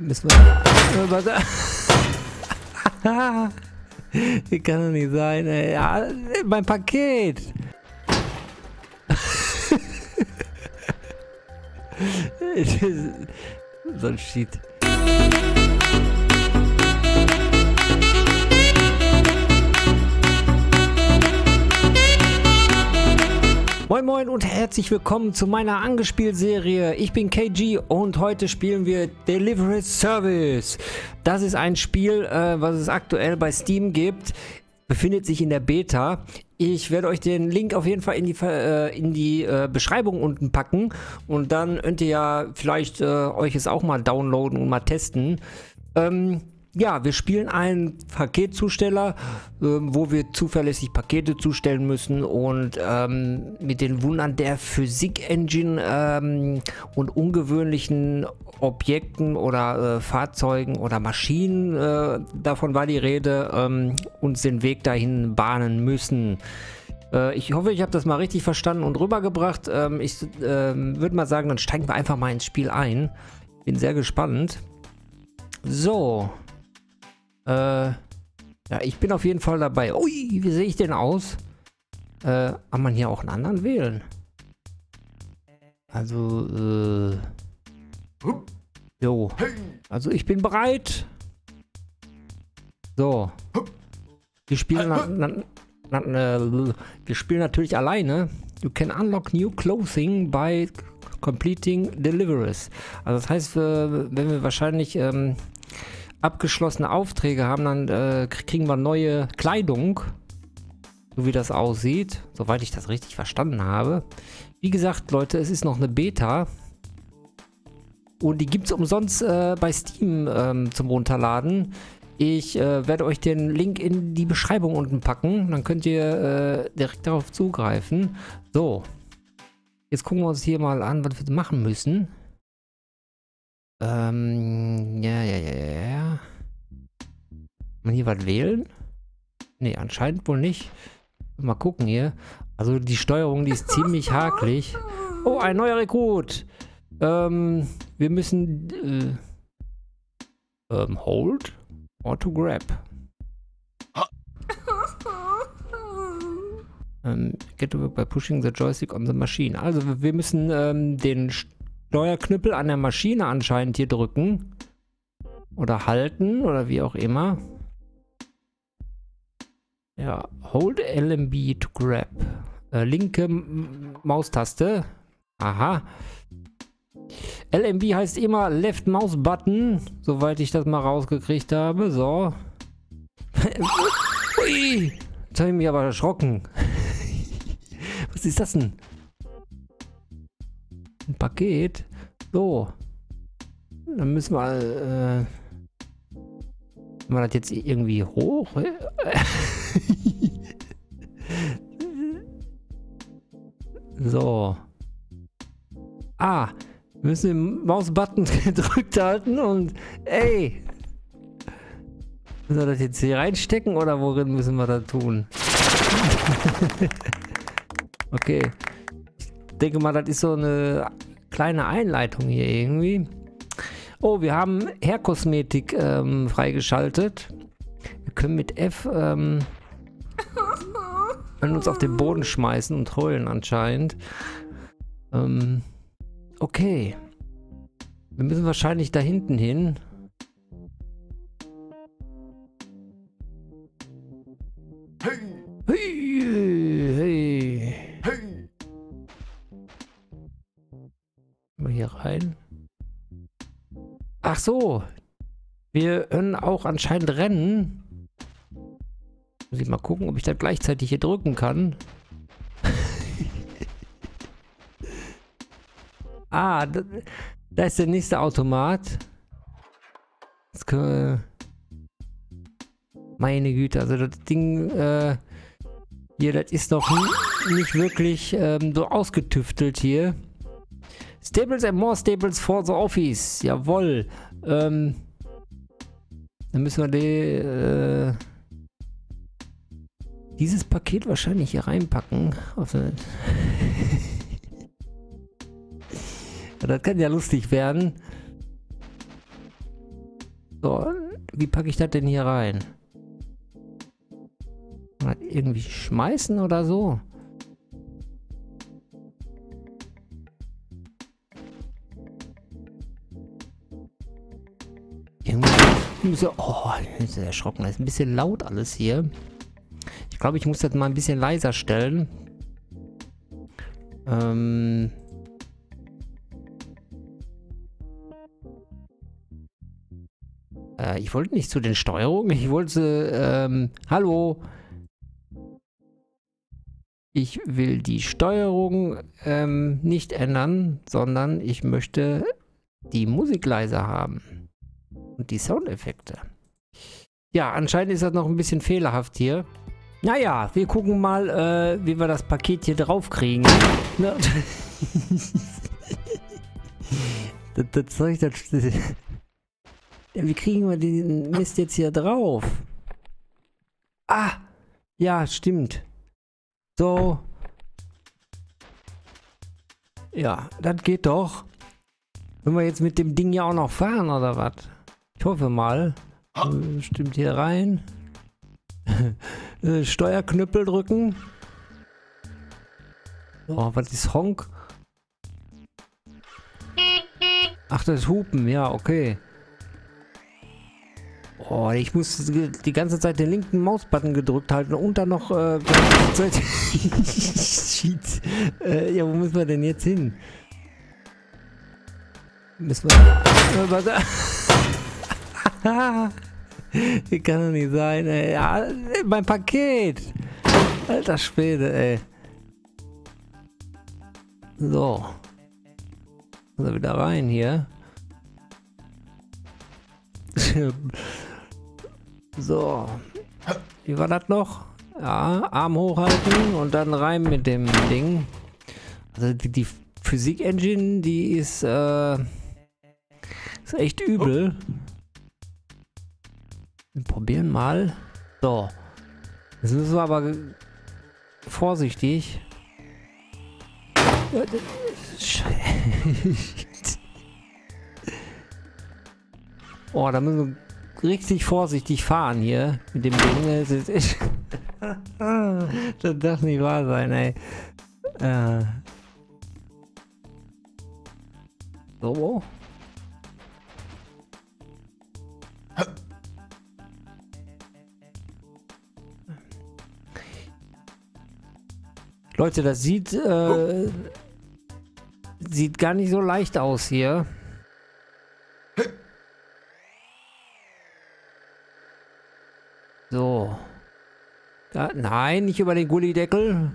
Müssen wir. Oh, warte. Hier kann doch nicht sein, ey. Ja, mein Paket. so ein Shit. Moin Moin und herzlich willkommen zu meiner Angespielserie. Ich bin KG und heute spielen wir Delivery Service. Das ist ein Spiel, äh, was es aktuell bei Steam gibt. Befindet sich in der Beta. Ich werde euch den Link auf jeden Fall in die, äh, in die äh, Beschreibung unten packen. Und dann könnt ihr ja vielleicht äh, euch es auch mal downloaden und mal testen. Ähm, ja, wir spielen einen Paketzusteller, äh, wo wir zuverlässig Pakete zustellen müssen und ähm, mit den Wundern der Physik-Engine ähm, und ungewöhnlichen Objekten oder äh, Fahrzeugen oder Maschinen, äh, davon war die Rede, ähm, uns den Weg dahin bahnen müssen. Äh, ich hoffe, ich habe das mal richtig verstanden und rübergebracht. Ähm, ich ähm, würde mal sagen, dann steigen wir einfach mal ins Spiel ein. Bin sehr gespannt. So, äh, ja, ich bin auf jeden Fall dabei. Ui, wie sehe ich denn aus? Äh, kann man hier auch einen anderen wählen? Also, äh... Jo. Also ich bin bereit. So. Wir spielen, na, na, na, äh, wir spielen natürlich alleine. You can unlock new clothing by completing deliveries. Also das heißt, äh, wenn wir wahrscheinlich... Ähm, abgeschlossene Aufträge haben, dann äh, kriegen wir neue Kleidung. So wie das aussieht, soweit ich das richtig verstanden habe. Wie gesagt, Leute, es ist noch eine Beta. Und die gibt es umsonst äh, bei Steam ähm, zum Runterladen. Ich äh, werde euch den Link in die Beschreibung unten packen. Dann könnt ihr äh, direkt darauf zugreifen. So. Jetzt gucken wir uns hier mal an, was wir machen müssen. Ähm, ja, ja, ja, ja. Kann man hier was wählen? Ne, anscheinend wohl nicht. Mal gucken hier. Also die Steuerung, die ist ziemlich hakelig. Oh, ein neuer Rekrut. Ähm, wir müssen... Äh, ähm, hold? Or to grab? Ähm, get to work by pushing the joystick on the machine. Also wir müssen ähm, den... St neuer Knüppel an der Maschine anscheinend hier drücken. Oder halten oder wie auch immer. Ja, hold LMB to grab. Äh, linke M Maustaste. Aha. LMB heißt immer Left Mouse Button, soweit ich das mal rausgekriegt habe. So. Ui, jetzt habe ich mich aber erschrocken. Was ist das denn? ein Paket. So. Dann müssen wir... Äh, man das jetzt irgendwie hoch? so. Ah, wir müssen den Mausbutton gedrückt halten und... Ey! Müssen wir das jetzt hier reinstecken oder worin müssen wir das tun? okay denke mal, das ist so eine kleine Einleitung hier irgendwie. Oh, wir haben Herkosmetik ähm, freigeschaltet. Wir können mit F ähm, uns auf den Boden schmeißen und heulen anscheinend. Ähm, okay. Wir müssen wahrscheinlich da hinten hin. Ach so. Wir können auch anscheinend rennen. Muss ich mal gucken, ob ich das gleichzeitig hier drücken kann. ah, da, da, ist der nächste Automat. Das Können, meine Güte, also das Ding... Äh, hier, das ist noch nicht wirklich ähm, so ausgetüftelt hier. Stables and more Stables for the office. Jawohl. Ähm, dann müssen wir die, äh, dieses Paket wahrscheinlich hier reinpacken. das kann ja lustig werden. So, wie packe ich das denn hier rein? Irgendwie schmeißen oder so? so... Oh, ich bin erschrocken. Das ist ein bisschen laut alles hier. Ich glaube, ich muss das mal ein bisschen leiser stellen. Ähm... Äh, ich wollte nicht zu den Steuerungen, ich wollte, ähm, hallo. Ich will die Steuerung ähm, nicht ändern, sondern ich möchte die Musik leiser haben. Und die Soundeffekte. Ja, anscheinend ist das noch ein bisschen fehlerhaft hier. Naja, wir gucken mal, äh, wie wir das Paket hier draufkriegen. Ne? das, das Zeug, das, das, Wie kriegen wir den Mist jetzt hier drauf? Ah! Ja, stimmt. So. Ja, das geht doch. Wenn wir jetzt mit dem Ding ja auch noch fahren, oder was? Ich hoffe mal. Ah. Stimmt hier rein. Äh, Steuerknüppel drücken. Oh, was ist Honk? Ach, das ist Hupen, ja, okay. Oh, ich muss die ganze Zeit den linken Mausbutton gedrückt halten und dann noch äh, Shit. Äh, ja, wo müssen wir denn jetzt hin? Müssen wir... Äh, hier kann doch nicht sein, ey. Ja, mein Paket. Alter Schwede, ey. So. Also wieder rein hier. so. Wie war das noch? Ja, Arm hochhalten und dann rein mit dem Ding. Also die, die Physik-Engine, die ist, äh, ist echt übel. Oh. Wir probieren mal. So. Jetzt müssen wir aber vorsichtig. Oh, da müssen wir richtig vorsichtig fahren hier mit dem Ding. Das, ist echt das darf nicht wahr sein, ey. Äh. So. Leute, das sieht, äh, oh. sieht gar nicht so leicht aus hier. So. Da, nein, nicht über den Gullideckel.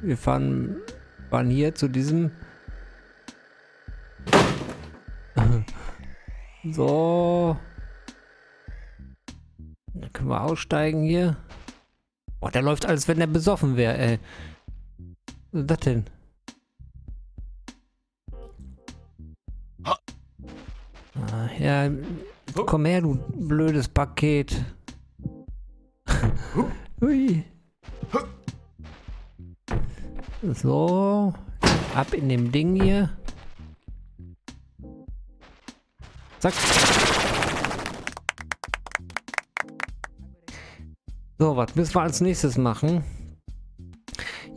Wir fahren, fahren hier zu diesem. so. Dann können wir aussteigen hier. Boah, der läuft, als wenn der besoffen wäre, ey. Was ist das denn? Ah, ja, komm her, du blödes Paket. Hui. So, ab in dem Ding hier. Zack. So, was müssen wir als nächstes machen?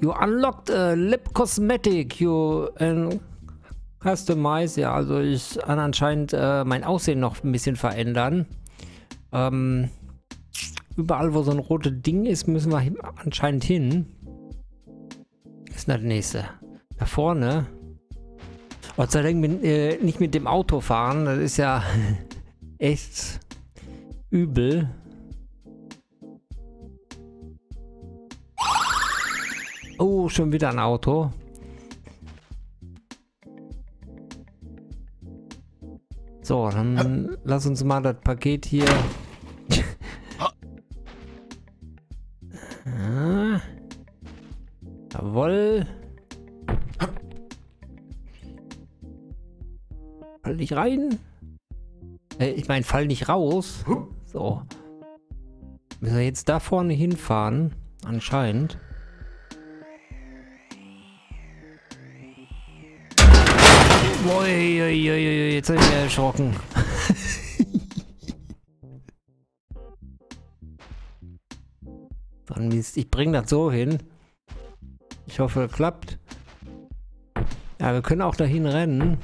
You unlocked uh, Lip Cosmetic. You uh, customize. Ja, also ich kann anscheinend uh, mein Aussehen noch ein bisschen verändern. Ähm, überall, wo so ein rotes Ding ist, müssen wir anscheinend hin. Ist das nächste. Da vorne. Gott sei Dank mit, äh, nicht mit dem Auto fahren. Das ist ja echt übel. Oh, schon wieder ein Auto. So, dann lass uns mal das Paket hier... ja. Ah. Jawoll. Fall nicht rein. Äh, ich meine, fall nicht raus. So. Müssen wir jetzt da vorne hinfahren? Anscheinend. Boah, jetzt bin ich ja erschrocken. Mann, Mist, ich bringe das so hin. Ich hoffe, das klappt. Ja, wir können auch dahin rennen.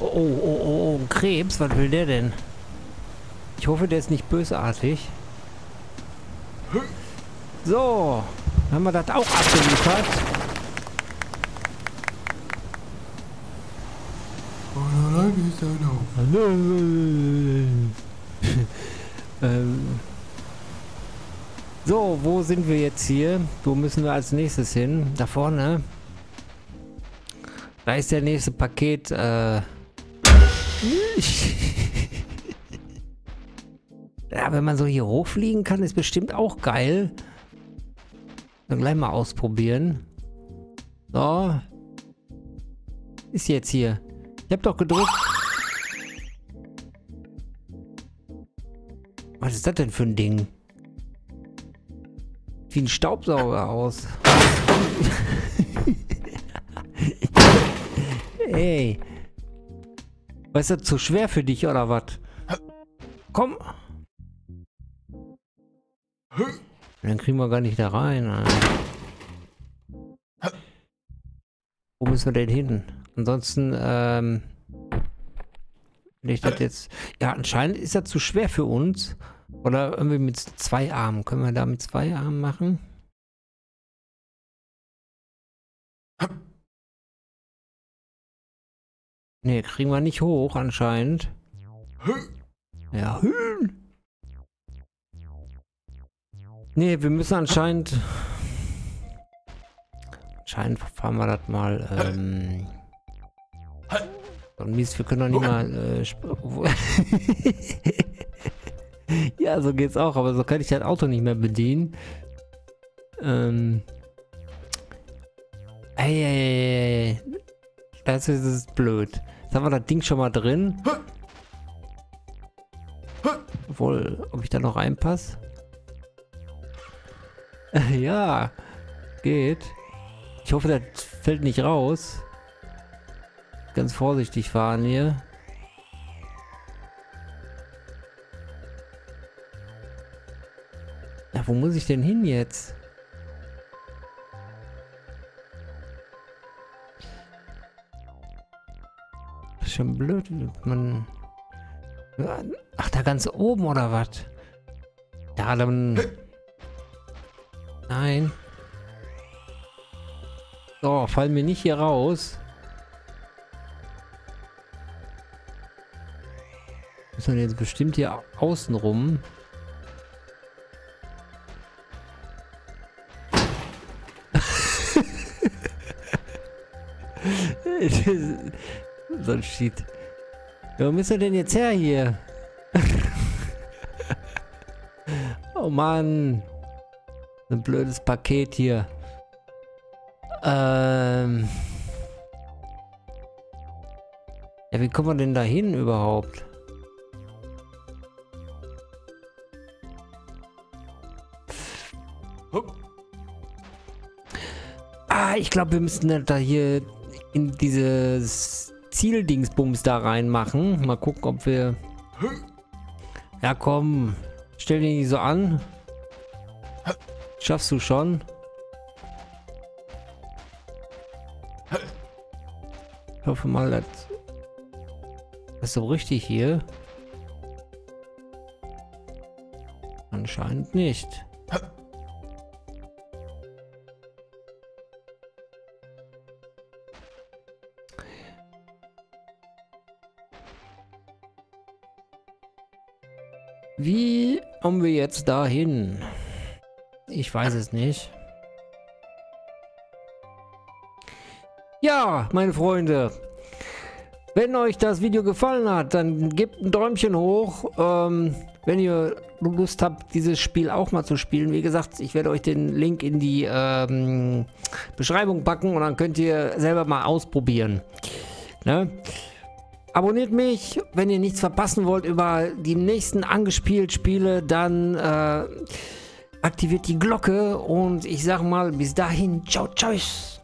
Oh, oh, oh, oh, oh Krebs, was will der denn? Ich hoffe, der ist nicht bösartig. So, haben wir das auch abgeliefert. ähm. So, wo sind wir jetzt hier? Wo müssen wir als nächstes hin? Da vorne. Da ist der nächste Paket. Äh ja, wenn man so hier hochfliegen kann, ist bestimmt auch geil. Dann gleich mal ausprobieren. So. Ist jetzt hier. Ich hab doch gedrückt. Was ist das denn für ein Ding? Wie ein Staubsauger aus. Ey. Was ist das zu schwer für dich oder was? Komm. Dann kriegen wir gar nicht da rein. Wo müssen wir denn hin? Ansonsten, ähm, ich das jetzt. Ja, anscheinend ist er zu schwer für uns. Oder irgendwie mit zwei Armen. Können wir da mit zwei Armen machen? Ne, kriegen wir nicht hoch anscheinend. Ja, Hühn. Ne, wir müssen anscheinend... Anscheinend fahren wir das mal... Ähm, und Mies, wir können doch nicht mal... Äh, ja, so geht's auch, aber so kann ich das Auto nicht mehr bedienen. Ähm... Ey, ey, ey, Das ist, das ist blöd. Jetzt haben wir das Ding schon mal drin. Obwohl, ob ich da noch reinpasse? ja, geht. Ich hoffe, das fällt nicht raus ganz vorsichtig fahren hier. Ja, wo muss ich denn hin jetzt? ist schon blöd, man... Ach, da ganz oben oder was? Da dann... Nein. So, fallen wir nicht hier raus. man jetzt bestimmt hier außen rum. so ein Shit. wo ist er denn jetzt her hier? oh Mann. So Ein blödes Paket hier. Ähm. Ja, wie kommen wir denn da hin überhaupt? ich glaube, wir müssen da hier in dieses Zieldingsbums da reinmachen. Mal gucken, ob wir... Ja, komm. Stell dich nicht so an. Schaffst du schon. Ich hoffe mal, das ist so richtig hier. Anscheinend nicht. Wie kommen wir jetzt dahin? Ich weiß es nicht. Ja, meine Freunde. Wenn euch das Video gefallen hat, dann gebt ein Däumchen hoch. Ähm, wenn ihr Lust habt, dieses Spiel auch mal zu spielen. Wie gesagt, ich werde euch den Link in die ähm, Beschreibung packen und dann könnt ihr selber mal ausprobieren. Ne? Abonniert mich, wenn ihr nichts verpassen wollt über die nächsten angespielt Spiele, dann äh, aktiviert die Glocke und ich sag mal bis dahin, ciao, tschüss.